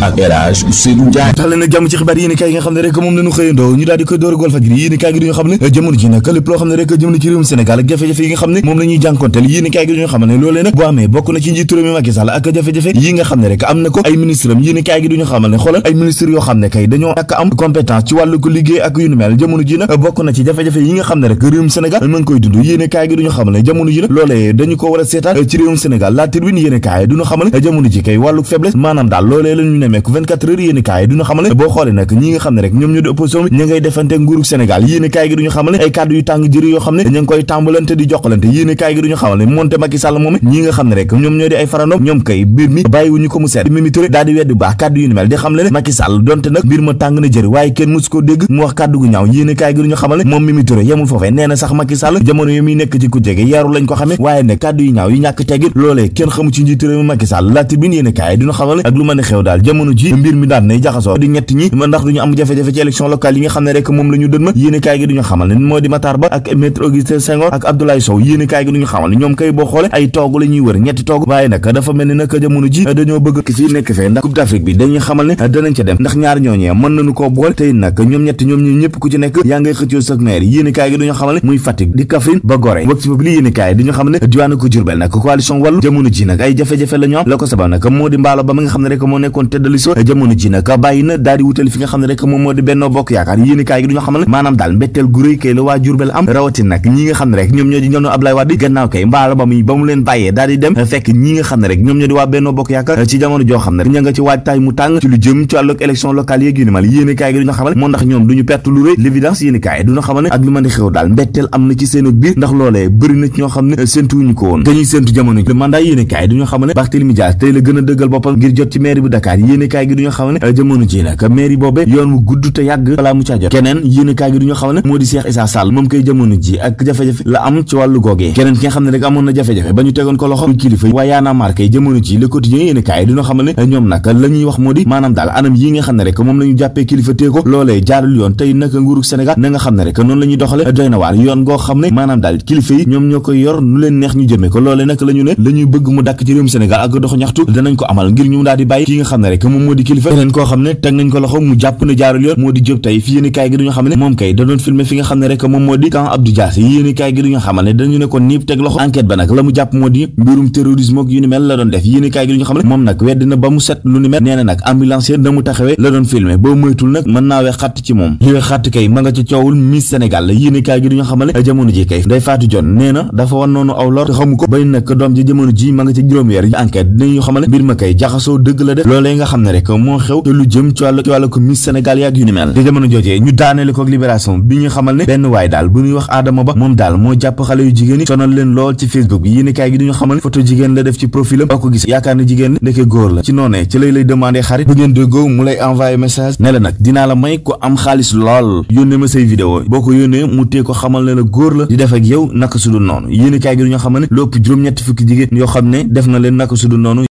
ak El Hadj nga xam ne rek moom lañu xëyandoo ñu daal di koy door Walf Fadjri yi nga xam ne rek am na ko ay ministre yoo xam ne kay dañoo ñàkk am compétence ci wàllu ko liggéey ak yu nu mel jamono ji nag bokk na ci jafe-jafe yi nga xam ne rek réewum Sénégal ma koy dund yéen i kaay gi duñu xamal ne jamono ji nag loolee dañu ko war a seetaan ci réewum Sénégal la tribune yéen i kaay duñu xamal ne jamono ji kay wàllu faiblesse maanaam daal loolee lañu ñu duñu xamal ne boo xoolee nag ñi nga xam ne rek ñoom ñoo di opposition bi defante nguurug Sénégal yéen duñu xamal ne moom ñi nga xam ne nee na sax Macky Sall jamono yi muy nekk ci ku jege yaru lañ ko xamee waaye nag kàddu yu ñaaw yu ñàkk teggit loolee kenn xamu ci njiitu réew mi Macky Sall laati duñu xamal ak lu mën a xew daal jamono mbir mi daat nay jaxasoo di ñett ñi ndax ndax Coupe ñu ñëpp jafe-jafe la ñoom la ko sabab nag moo di mbaalo ba mi nga xam ne rek moo nekkoon te dellu si jamono ji nag bàyyi na daal di fi nga xam ne rek moom moo di Benno Bokk Yaakaar yéen kaay du ñu xamal maanaam ndax ñoom du ñu perte lu rëy l'évidence yéen kaay du ñu xamal ne ak lu mën di xew daal mbetteel am na ci seen biir ndax loolee bëri ñoo xam ne séentuwuñu ko woon dañuy séentu jamono le mandat yéen kaay du ñu xamal ne Barthélemy Dias tey la gën a dëggal boppam ngir jot ci maire bu Dakar yéenekaay gi du ñu ne euh, moom koy jamono ji ak jafe-jafe la am ci wàllu googee keneen ki nga xam ne rek amoon na jafe-jafe ba ñu tegoon ko euh, loolee jaarul yoon tey nag nguuru Sénégal na nga xam ne rek noonu la doxale euh, doy na waar yoon goo xam ne maanaam daal kilifa yi ñoom ñoo koy yor nu leen neex ñu jëmee ko loolee nag la ne la bëgg mu dàkk ci réewum Sénégal ak dox ñaxtu danañ ko amal ngir ñu daal di bàyyi ki nga xam ne ne moom moo di kilifa keneen koo xam ne teg nañ ko loxo mu jàpp na jaarul yoon moo di Diop tey fi yéeni kay da doon gi duñu xamal ne moom nag wedd na ba mu set lu ni mel nee na nag ambulancier na mu taxawee la doon filmer boo moytul nag mën naa wee xàtt ci moom li wee xàtt kay ma nga ca coowul Miss Sénégal la yéeni kaay gi duñu xamal ne jamono ji kay Ndeye Fatou Dione nee na dafa wan noonu aw lor te xamu ko bay nag doom ji jamono ji ma nga ca juróom weer enquête nga xam ne rek moo xew te lu jëm ci ci wàllu ko Sénégal yaag yu ni mel te jamono joojee ñu daanale ko ak bi ñu xamal ne benn waay daal bu ñuy wax Adama Ba moom daal moo jàpp xale yu jigéen yi leen lool ci Facebook bi gi duñu xamal ne la nag dinaa la may ko am xaalis lool yónnee ma say vidéo boo ko yónnee mu tee ko xamal ne la góor la di def ak yow naka su noonu yéen gi duñu xamal ne lu ëpp juróom-ñetti fukki jigéen